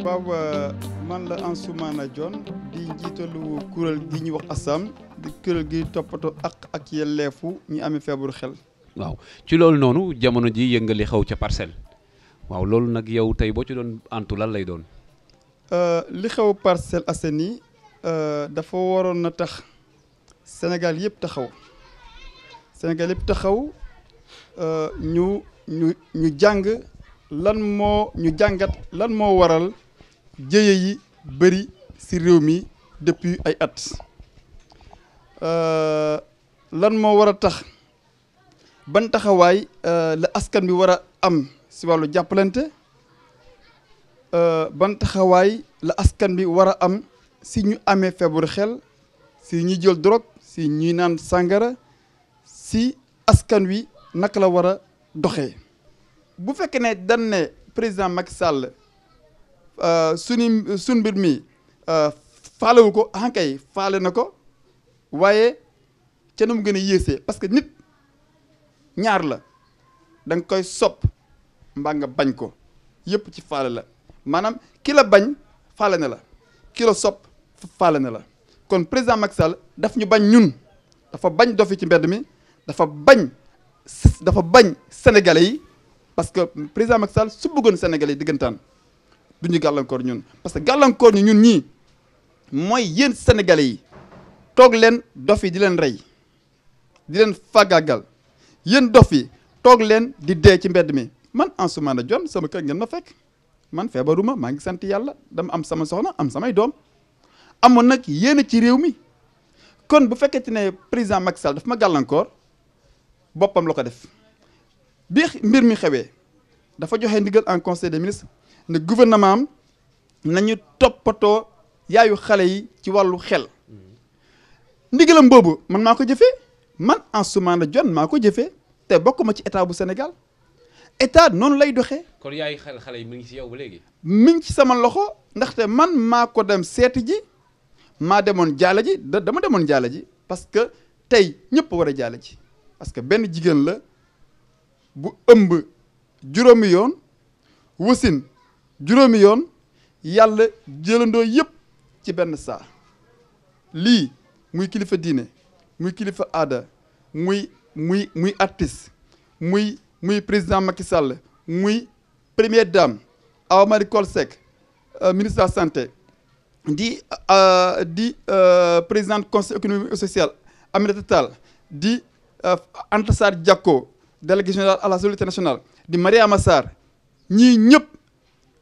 bawa man la Ansoumana john di njiitalu kuréel di ñuy wax ASSAMM di kuréel gi toppatoo ak ak lefu ñu ame feebaru xel. waaw ci loolu noonu jamono ji yëngali xaw ca parcelle waaw loolu nag yow tey boo ci doon antu lan lay doon. Euh, li xew Parcelles Assainies euh, dafa waroon na tax Sénégal yëpp taxaw Sénégal yëpp taxaw euh, ñu ñu jàng lan moo ñu jàngat lan moo waral jëye yi bëri si réew mi depuis ay at lan moo war a tax ban taxawaay la askan bi war a am si wàllu jàppalante Euh, ban taxawaay la askan bi war a am si ñu amee feebaru xel si ñu jël drogue si ñuy naan sàngara si askan wi nak la war a doxee. bu fekkee ne dañ ne président Macky Sall euh, sunu sunu mbir mi euh, faalewu ko ankay ah faale na ko waaye ca mu gën a yéesee parce que nit ñaar la da koy sopp mbaa nga bañ ko yëpp ci faale la. maanaam kilo bañ faale la ki la sopp faale la kon président Macky Sall daf ñu bañ ñun dafa bañ dofi ci mbedd mi dafa bañ dafa bañ sénégalais yi parce que président Macky su bëggoon sénégalais yi diggantaan du ñu gàllankoor ñun parce que gàllankoor ñu ñun nii mooy yéen sénégalais yi toog leen dof yi di leen rey di leen fagaagal yéen dof yi toog leen di dee ci mbedd mi man Ansoumana Dione sama kër ngeen ma fekk man feebaruma maa ngi sant yalla dama am sama soxna am samay dom, amoon nak yene ci rewmi kon bu fekkati ne président Macky Sall daf ma def bi mi xewé dafa en conseil des ministres ne gouvernement am nañu toppatoo yaayu xalé yi ci walu xel ndigalam bobu man mako man ci état bu Sénégal état noonu lay doxee. kon yaay xale yi mi ngi ci yow ba léegi. mi ngi ci sama loxo ndaxte man maa ko dem seeti ji maa demoon jaala ji da dama demoon jaala ji parce que tey ñëpp war a jaala ji parce que benn jigéen la bu ëmb juróomi yoon wasin juróomi yoon yàlla jëlandoo yépp ci benn saa lii muy kilifa diine muy kilifa aada muy muy muy artiste muy. muy président Macky Sall muy première dame Awa Kolsek, euh, ministre de la santé di euh, di euh, présidente conseil économique et social Aminata Tall di Anta Sarr délégué à la solidarité nationale di Maria Massar, ni ñëpp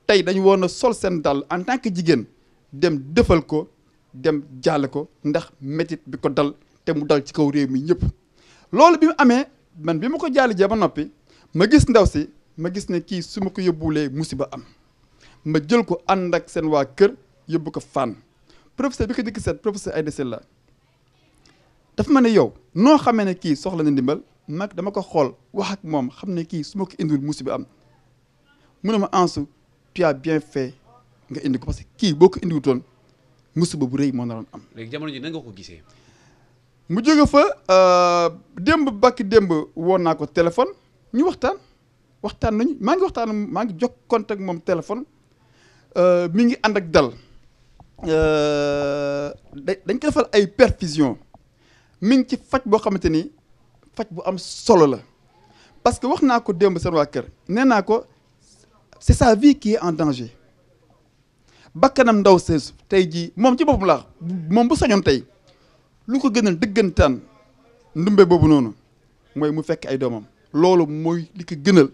tay, dañu woon sol seen en tant que jigéen dem defal ko dem jall ko ndax métit bi ko dal te mu dal ci kaw réew mi ñep lolu bi amé man bi ko jàll jee ba ma gis ndaw si ma gis ne kii su ma ko yóbbulee musiba am ma jël ko ànd ak seen waa kër yóbbu ko fànn professeur bi ko dikk seet professeur Aïda la dafa ma ne yow noo xamee ne kii soxla na ndimbal mag dama ko xool wax ak moom xam ne kii su ma ko indiwul musiba am mun ne ma Ansu tu bien fait nga indi ko parce kii boo ko indiwutoon musiba bu rëy moo naroon am. léegi jamono ji nan ko gisee. mu jóge fa euh, dëmb bakki démb woon naa ko téléphone. ñu waxtaan waxtaan nañu maa ngi waxtaan maa ngi jokkoonte ak moom téléphone euh, mi ngi ànd ak dal euh, dañ ko defal ay perfusion mi ngi ci faj boo xamante ni faj bu am solo la parce que wax naa ko démb seen waa kër nee naa ko c'est sa vie qui est en danger bakkanam ndaw seesu tey jii moom ci boppam laa moom bu sañoon tey lu ko gënal dëggantaan ndumbe boobu noonu mooy mu fekk ay doomam. loolu mooy li ko gënal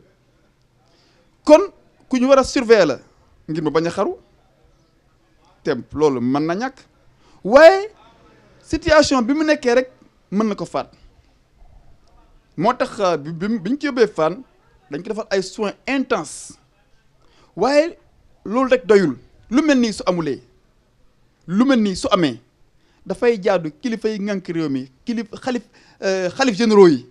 kon ku ñu war a surveiller la ngir ma bañ a xaru te loolu mën na ñàkk waaye situation bi mu nekkee rek mën na ko faat moo tax euh, bi bi ñu ci yóbbee fan dañ ko defal ay soins intenses waaye loolu rek doyul lu mel nii su amulee lu mel nii su amee dafay jaadu kilifa yi ngànk réew mi kilif xalif euh, xalif généraux yi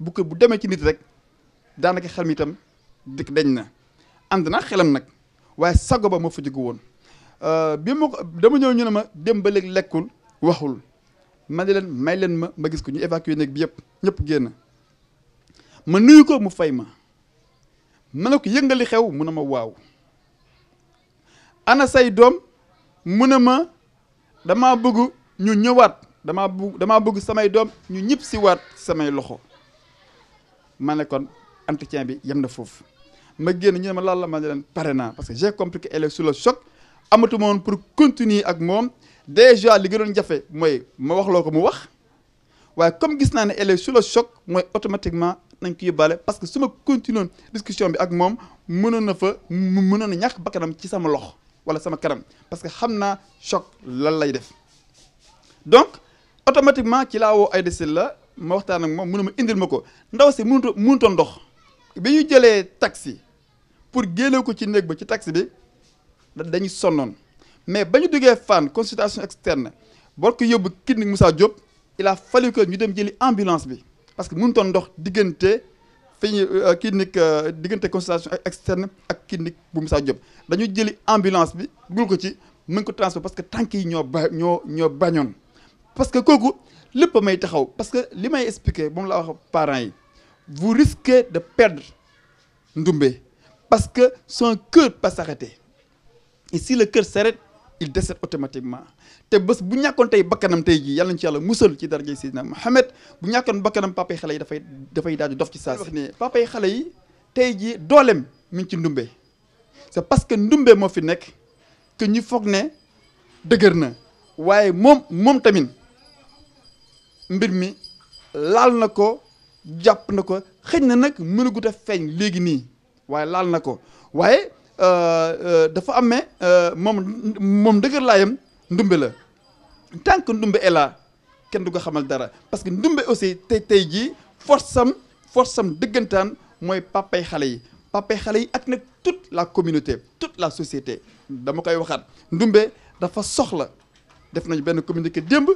bu ko bu demee ci nit rek daanaka xel mi itam dik deñ na ànd naa xelam nag waaye sago ba ma fa jógu woon euh, bi ma ko dama ñëw ñu ne ma dem ba lekkul waxul ma ne leen may leen ma ma gis ko ñu évacué néeg bi yëpp ñëpp génn ma nuyu ko mu fay ma ma ne ko yëngali xew mu ne ma waaw ana say doom mu ne ma dama bëgg ñu ñëwaat dama bëgg damaa bëgg samay doom ñu ñëpp si waat samay loxo mané kon entretien bi yem na foofu ma génn ñu ma lan la ma ne leen parce que j'ai compris que elle est sous le choc amatu mon pour continuer ak mom déjà li gënoon jafé moy ma wax loko mu wax waaye comme gis naa ne elle est sous le choc mooy automatiquement nañ ko yóbbaale parce que su ma continué discussion bi ak moom mënoon na fa mënoon na ñàkk bakkanam ci sama lox wala sama kanam parce que xam naa choc lan lay def donc automatiquement ci laa woo ay Sylla la si ndox taxi pour gëlé ko taxi bi dañu sonnon mais bañu duggé fan consultation externe clinique Moussa Diop il a fallu que ñu dem jëli ambulance parce que mënuta ndox euh, clinique euh, consultation externe ak clinique bu Moussa Diop dañu jëli ambulance bi ko ci parce que ñoo parce que lépp a may taxaw parce que li may expliquer moom la wax parents yi vous risquez de perdre Ndumbé parce que son cœur peut s'arrêter et si le cœur s'arrête il décède automatiquement te bés bu ñàkkoon tey bakkanam tey jii yàlla nañu ci yàlla musal ci darajay Seydina Mohamed bu ñàkkoon bakkanam papay xale yi dafay dafay daal di dof ci saa si ne papay xale yi tey jii dooleem mi ci Ndumbé c'est parce que Ndumbé moo fi nekk que ñu foog ne dëgër na waaye moom moom tamit mbir mi laal na ko jàpp na ko xëj na nag mënagut a feeñ léegi nii waaye laal na ko waaye euh, euh, dafa amee ne euh, moom moom dëgër laayam ndumbe la tant que ndumbe kenn du ko xamal dara parce que ndumbe aussi tey tey jii force am force am dëggantaan mooy papay xale yi papay xale yi ak nag toute la communauté toute la société dama koy waxaat ndumbe dafa soxla def nañu benn communiqué démb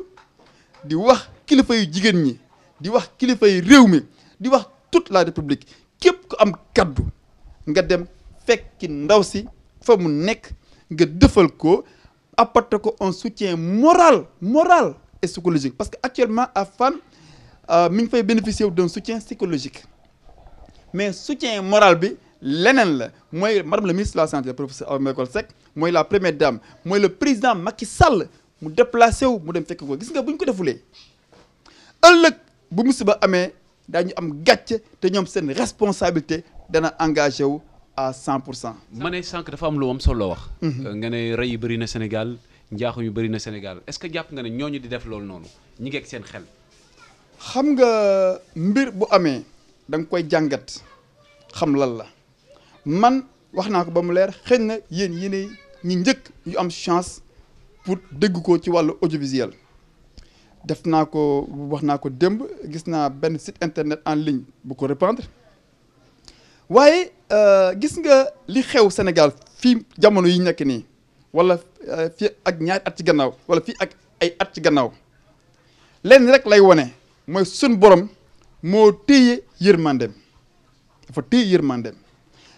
di wax kilifa yu jigéen ñi di wax kilifa yu rew mi di wax toute la république képp ko am kaddu nga dem fekki ndaw si fa mu nekk nga defal ko apporter ko un soutien moral moral et psychologique parce que actuellement à Fann euh, mi bénéficier d'un soutien psychologique mais soutien moral bi lenen la moy madame le ministre de la santé professeur Awa la première dame le président Macky Sall mu déplacer wu mu dem fekk ko gis nga buñ ko defulé ëlëk bu musiba amé dañu am gatché responsabilité dana engagé wu à 100% Je suis dafa am lu solo wax. Mhm. nga na Sénégal na Sénégal est-ce que japp nga ne di def lool nonu ñi ak seen xel. xam nga mbir bu amé koy man waxna ko ba leer na yu chance. pour dégg ko ci wàllu audiovisuel def naa ko wax naa ko démb gis naa benn site internet en ligne bu ko répandre waaye euh, gis nga li xew Sénégal fii jamono yi nekk nii wala euh, fii ak ñaari at ci gannaaw wala fii ak ay at ci gannaaw lenn rek lay wone mooy sun borom moo téye yërmandeem dafa téye yërmandeem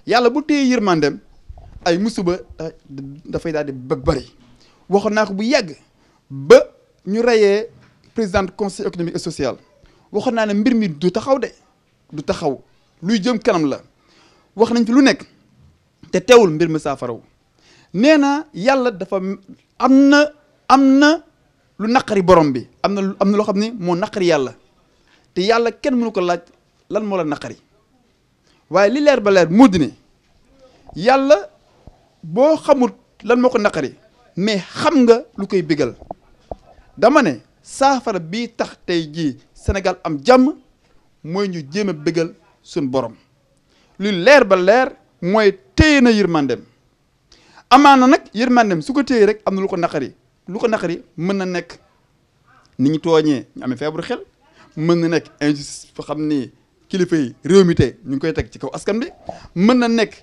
yàlla bu téye yërmandeem ay musuba euh, dafay daal di bari waxoon naa ko bu yàgg ba ñu reyee présidente conseil économique et social waxoon naa ne mbir mi du taxaw de du taxaw lu jëm kanam la wax nañ fi lu nekk te tewul mbir mi saafaraw nee na yàlla dafa am na am na lu naqari borom bi am na am na loo xam ne moo naqari yàlla te yàlla kenn mënu ko laaj lan moo la naqari waaye li leer ba leer moo di ne yàlla boo xamul lan moo ko naqari mais xam nga lu koy bégal dama ne saafara bi tax tey jii senegal am jàmm mooy ñu jéem a bégal suñ borom lu leer ba leer mooy téye na yërmandem amaana nag yërmandem su ko téye rek am na lu ko naqari lu ko naqari mën na nekk ni ñu tooñee ñu amee feebaru xel mën na nekk injustice foo xam ni kilifa yi réew mi tey ñu ngi koy teg ci kaw askan bi mën na nekk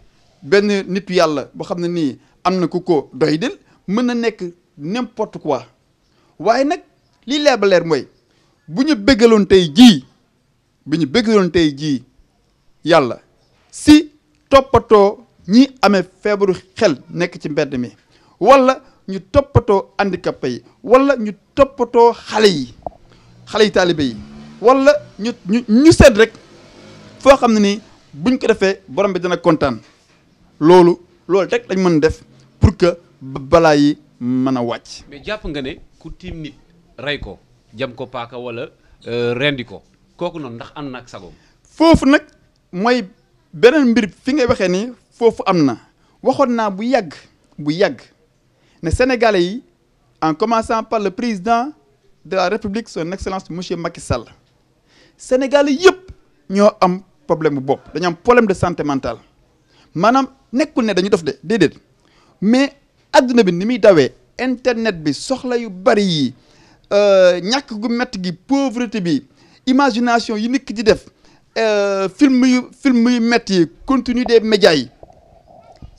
benn nit yàlla boo xam ne nii am na ku ko doy dil mën na nekk n'importe quoi waaye nag lii leer mooy bu ñu bëggaloon tey jii bi ñu béggaloon tey jii yàlla si toppatoo ñi amee feebaru xel nekk ci mbedd mi walla ñu toppatoo handicapé yi wala ñu toppatoo xale yi xale yi taalibe yi wala ñu ñu ñu seet rek foo xam ne ni buñ ko defee borom bi dana kontaan loolu loolu rek dañ mën def pour que balayi yi mën a wàcc. mais jàpp nga ne ku tim nit ray ko jam ko paka wala euh, rendi ko kooku noonu ndax an nak sagom fofu nak moy benen mbir fi ngay waxee ni fofu amna waxon na bu yag bu yag ne sénégalais yi en commençant par le président de la république son excellence monsieur Macky Sall sénégalais yëpp ño am problème bop dañ am problème de santé mentale manam nekkul ne dañu dof de déedéet mais àdduna bi ni muy dawee internet bi soxla yu bari yi euh, ñàkk gu métti gi pauvreté bi imagination yi nit ki di def euh, film yu film yu métti yi contenu des médias yi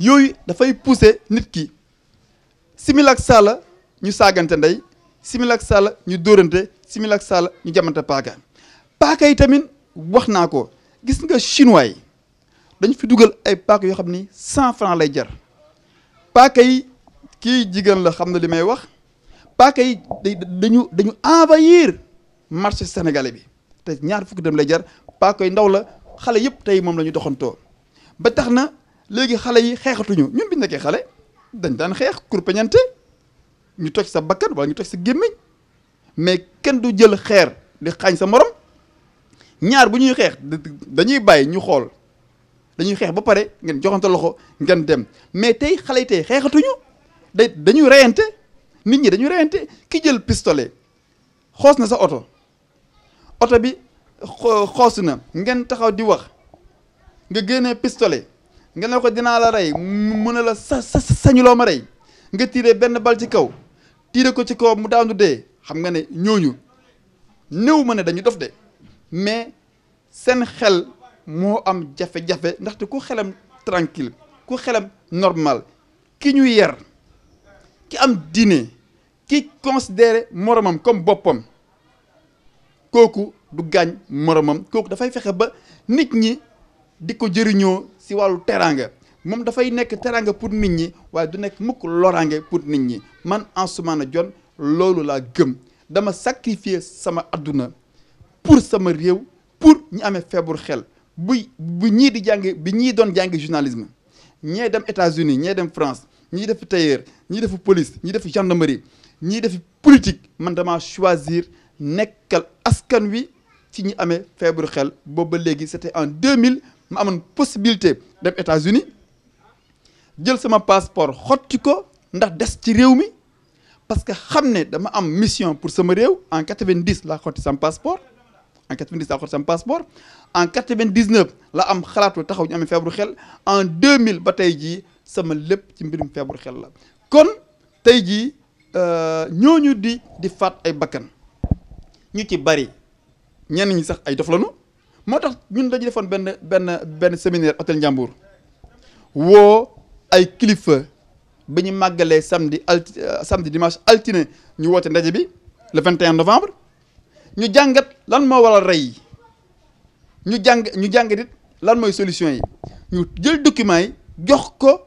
yooyu dafay pousser nit ki simil saala ñu saagante ndey simil saala ñu dóorante simil ak saala ñu jamante paaka paaka yi tamit wax naa ko gis nga chinois yi dañ fi dugal ay paaka yoo xam ni cent franc lay jar kii jigéen la xam na li may wax paaka yi dañu dañu envahir marché sénégalais bi te ñaar fukki dem lay jar paaka yi ndaw la xale yëpp tey moom la ñu doxantoo ba tax na léegi xale yi xeexatuñu ñun bi nekkee xale dañ daan xeex kurpeñante ñu toj sa bakkan wala ñu toj sa gémmiñ mais kenn du jël xeer di xaañ sa morom ñaar bu ñuy xeex dañuy bàyyi ñu xool dañuy xeex ba pare ngeen joxante loxo ngeen dem mais tey xale yi tey xeexatuñu da dañuy reyante nit ñi dañuy reyante ki jël pistolet xoos na sa oto oto bi xoos na ngeen taxaw di wax nga génnee pistolet nga ne ko dinaa la rey mu ne la sa sa sañuloo ma rey nga tiire benn bal ci kaw tiire ko ci kaw mu daanu dee xam nga ne ñooñu néew ma ne dañu dof de mais seen xel moo am jafe-jafe ndaxte ku xelam tranquille ku xelam normal ki ñuy yar ki am diine ki considère moromam comme boppam Koku, du gaañ moromam kooku dafay fexe ba nit ñi di ko jëriñoo si teranga. teraanga moom dafay nekk teranga pour nit ñi waaye du nekk mukk loraange pour nit ñi man Ansoumana Dione loolu laa gëm dama sacrifier sama aduna pour sama rew pour ñi amé feebar xel bu bu ñii di jànge bi ñi doon jànge journalisme ñi dem États-Unis ñi dem France ni def tailleur ni def police ni def gendarmerie ni def politique man damaa choisir nekkal askan wi ci ñi me faire xel booba légui c'était en 2000 ma amone possibilité dem États-Unis jël sama passeport xotti ko ndax dess ci réew mi parce que xamné dama am mission pour sama réew en 90 la xotti sama passeport en 90 la xotti sama passeport en 99 la am xalaatu taxaw ñu amé feebaru xel en 2000 ba tey sama lépp ci mbirum feebaru xel la kon tey jii euh, ñooñu di di faat ay bakkan ñu ci bari ñenn ñi sax ay dof lañu moo tax ñun dañu defoon benn benn benn séminaire hôtel Ndiambour woo ay kilifa ba ñu màggalee samedi alti euh, samedi dimanche altine ñu woote ndaje bi le 21 novembre ñu jàngat lan moo waral rey yi ñu jàng ñu jàngat it lan mooy solution yi ñu jël documents yi jox ko.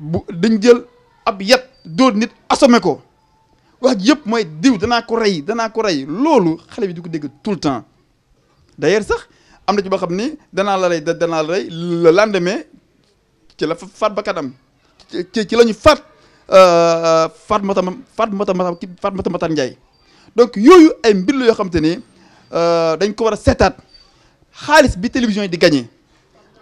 bu dañ jël ab yat dóor nit assommé ko wax ji yëpp mooy diw danaa ko rey danaa ko rey loolu xale bi di ko dégg tout le temps d'ailleurs sax am na ci boo xam ni danaa la rey danaa la rey le lendemain ci la faat ba kanam ci ci la ñu faat euh, faat mata faat mata faat mata mata Njaay donc yooyu ay mbir la yoo xam te ni euh, dañ ko war a seetaat xaalis bi télévision yi di gagné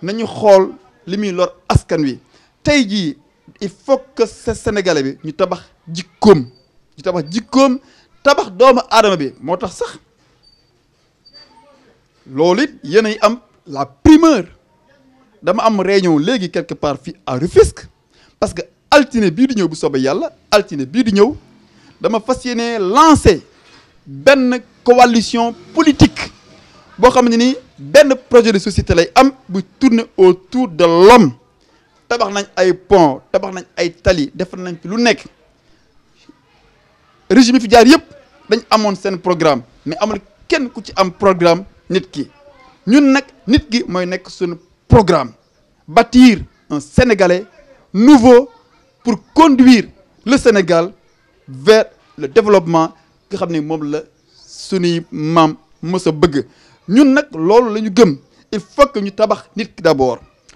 nañu xool li muy lor askan wi tey jii il faut que ces sénégalais bi ñu tabax jikkoom ñu tabax jikkoom tabax doomu adama bi motax sax lolit it am la primeur dama am réunion légui quelque part fi à Rufisque parce que altine bi di ñëw bu soobee yalla altiné bi di ñëw dama fas lancer ben coalition politique bo xam ni ben projet de société lay am bu tourner autour de l'homme tabax nañ ay pont tabax nañ ay tali defar nañ fi lu nekk régime fi jaar yépp dañ amone programme mais amul kenn ku ci am programme nit ki ñun nak nit programme bâtir un Sénégalais nouveau pour conduire le Sénégal vers le développement qui est mom la suñu mam mësa bëgg ñun il faut que ñu tabax nit ki d'abord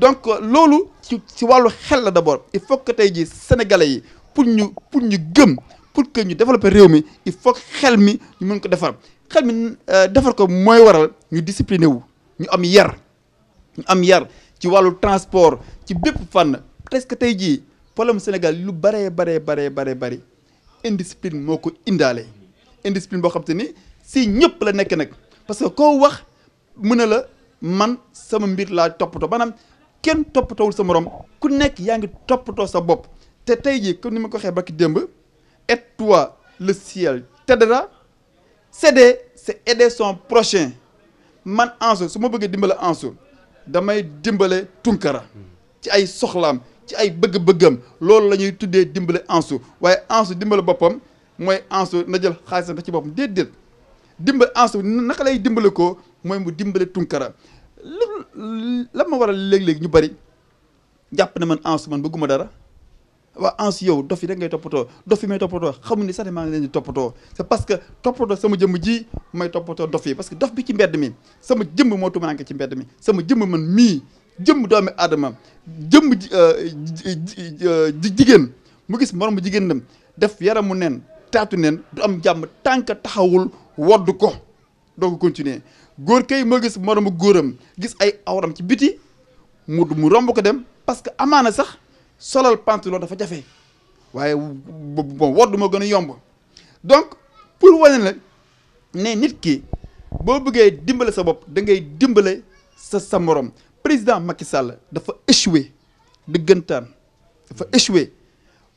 donc euh, Lolo ci ci wàllu xel d'abord il faut que tey jii sénégalais yi pour ñu pour ñu gëm pour que ñu développer réew mi il faut que xel mi ñu mën ko defar xel mi euh, defar ko nous waral ñu nous wu ñu am yar ñu am yar ci wàllu transport ci bépp fànn presque tey jii problème Sénégal lu baree baree baree baree bari indiscipline moko indale indiscipline boo xam te ni si ñëpp la nekk nag parce que koo wax mën na la man sama mbir top top banam kenn toppatoowul sa morom ku nekk yaa ngi toppatoo sa bopp te tey jii comme ni ma ko ba baki démb et toi le ciel t'aidera s'aider c'est aider son prochain man Anso su ma bëggee dimbale Anso damay dimbale Tunkara ci ay soxlaam ci ay bëgg-bëggam loolu la ñuy tuddee dimbale Anso waaye Anso dimbale boppam mooy Anso na jël xaalisam ci boppam déedéet dimbale Anso naka lay dimbale ko mooy mu dimbale Tunkara lan ma waral léeg-léeg ñu bari jàpp na man ans man bëgguma dara waa ans yow dof yi rek ngay toppatoo dofi yi may toppatoo xamuñ ne sax ne maa ngi leen di toppatoo c'est parce que toppatoo sama jëmm ji may toppatoo dof yi parce que dof bi ci mbedd mi sama jëmm moo tumaanke ci mbedd mi sama jëmm man mii jëmm doomi aadama jëmm euh, ji jigéen mu gis moromu jigéen dem def yaramu nen taatu nen du am jàmm tànk taxawul wodd ko doo ko continuer góor kay ma gis moromu góoram gis ay awram ci biti mu mu romb ko dem parce que amaana sax solal pantalon dafa jafe waaye bon wodd moo gën a yomb donc pour wane la ne nit ki boo bëggee dimbale sa bopp da ngay dimbale sa sa morom président Macky Sall dafa échoué dëggantaan dafa échoué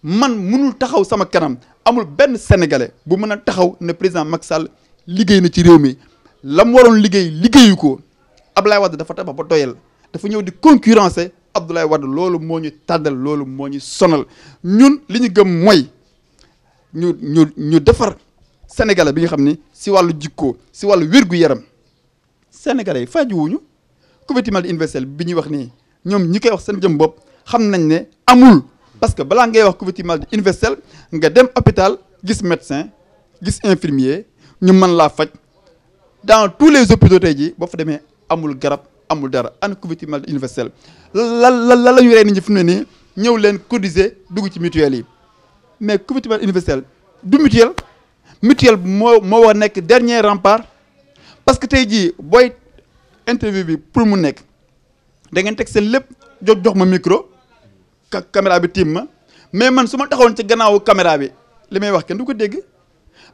man munul taxaw sama kanam amul benn sénégalais bu mën a taxaw ne président Macky Sall liggéey na ci réew mi. lam waroon liguey liggéeyu ko Ablaye Wade dafa tabax ba doyal dafa di concurrencer Abdoulaye Wade lolu moñu ñu lolu moñu sonal ñun liñu gëm ñu ñu ñu defar sénégalais bi nga si jikko si walu yaram sénégalais nous wuñu couverture des universelle wax nous ñom ñi koy wax parce que bala ngay wax couverture nga dem hôpital gis médecin gis infirmier ñu man la dans tous les hôpitaux tey jii boo fa demee amul garab amul dara an couverture maladie universelle la lan la ñu rey nit ñi fu mu ne leen cotiser dugg ci mutuelle yi mais couverture maladie universelle du mutuelle mutuelle mo moo wax nekk dernier rempart parce que tey jii booy interview bi pour mu nek da ngeen tek seen lepp jox jox ma micro ka caméra bi tim ma mais man suma taxawon ci gannaaw caméra bi limay wax ken du ko dégg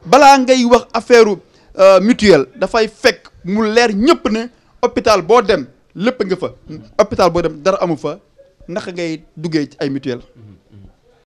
balaa ngay wax affaire Euh, mutuelle dafay fekk mu leer ñëpp ne hôpital boo dem lépp nga fa hôpital boo dem dara amu fa naka ngay duggee ci ay mutuelle mm-hmm.